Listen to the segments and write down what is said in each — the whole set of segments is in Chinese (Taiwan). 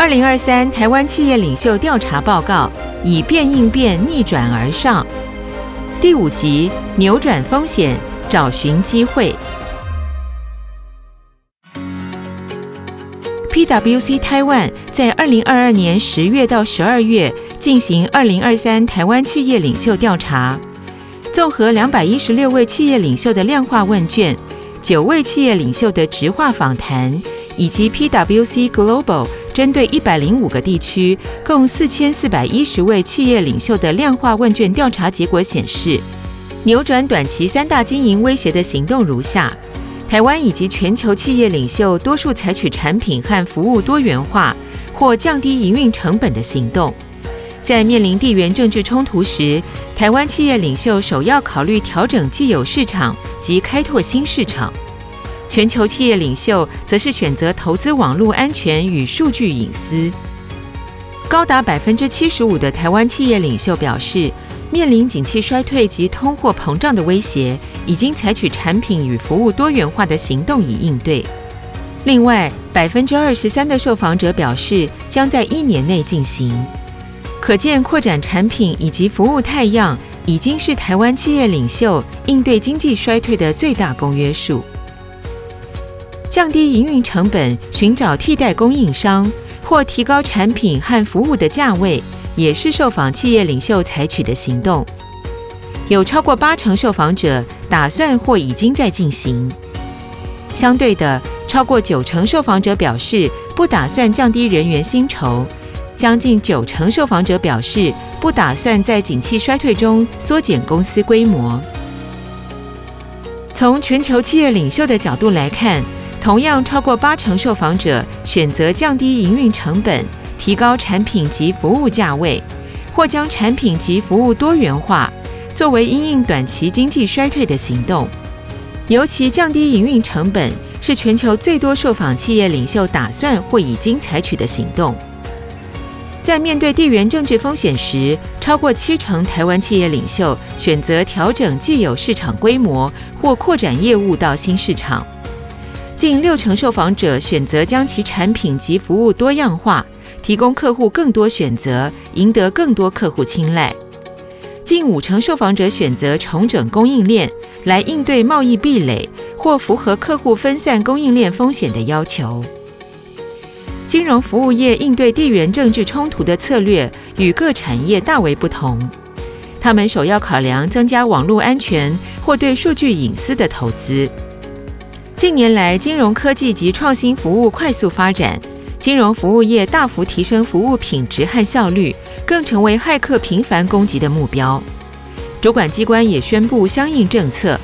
二零二三台灣企業領袖調查報告：以變應變，逆轉而上。第五集：扭轉風險，找尋機會。PwC Taiwan 在二零二二年十月到十二月進行二零二三台灣企業領袖調查，綜合兩百一十六位企業領袖的量化問卷，九位企業領袖的質化訪談。以及 PwC Global 針對一百零五個地區、共四千四百一十位企業領袖的量化問卷調查結果顯示，扭轉短期三大經營威脅的行動如下：台灣以及全球企業領袖多數採取產品和服務多元化或降低營運成本的行動。在面臨地緣政治衝突時，台灣企業領袖首要考慮調整既有市場及開拓新市場。全球企業領袖則是選擇投資網絡安全與數據隱私，高達百分之七十五的台灣企業領袖表示，面臨景氣衰退及通貨膨脹的威脅，已經採取產品與服務多元化的行動以應對。另外23，百分之二十三的受訪者表示，將在一年內進行。可見，擴展產品以及服務多樣性，已經是台灣企業領袖應對經濟衰退的最大公約數。降低營運成本、尋找替代供應商或提高產品和服務的價位，也是受訪企業領袖採取的行動。有超過八成受訪者打算或已經在進行。相對的，超過九成受訪者表示不打算降低人員薪酬，將近九成受訪者表示不打算在景氣衰退中縮減公司規模。從全球企業領袖的角度來看，同樣，超過八成受訪者選擇降低營運成本、提高產品及服務價位，或將產品及服務多元化，作為因應短期經濟衰退的行動。尤其降低營運成本是全球最多受訪企業領袖打算或已經採取的行動。在面對地緣政治風險時，超過七成台灣企業領袖選擇調整既有市場規模或擴展業務到新市場。近六成受訪者選擇將其產品及服務多樣化，提供客戶更多選擇，贏得更多客戶青睞。近五成受訪者選擇重整供應鏈，來應對貿易壁壘或符合客戶分散供應鏈風險的要求。金融服務業應對地緣政治衝突的策略與各產業大為不同，他們首要考量增加網絡安全或對數據隱私的投資。近年來，金融科技及創新服務快速發展，金融服務業大幅提升服務品質和效率，更成為駭客頻繁攻擊的目標。主管機關也宣布相應政策。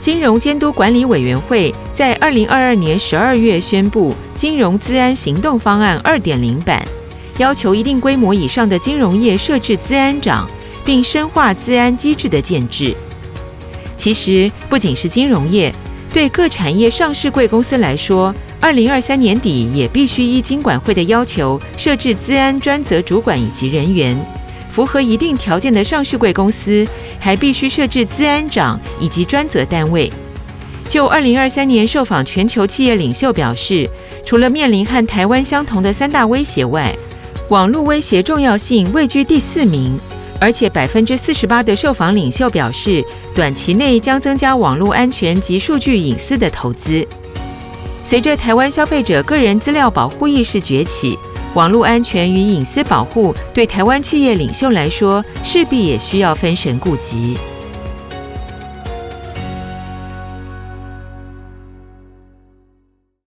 金融監督管理委員會在二零二二年十二月宣布金融資安行動方案二點零版，要求一定規模以上的金融業設置資安長，並深化資安機制的建制。其實，不僅是金融業。對各產業上市櫃公司來說，二零二三年底也必須依金管會的要求設置資安專責主管以及人員。符合一定條件的上市櫃公司還必須設置資安長以及專責單位。就二零二三年受訪全球企業領袖表示，除了面臨和台灣相同的三大威脅外，網絡威脅重要性位居第四名。而且，百分之四十八的受訪領袖表示，短期內將增加網絡安全及數據隱私的投資。隨着台灣消費者個人資料保護意識崛起，網絡安全與隱私保護對台灣企業領袖來說，勢必也需要分神顧及。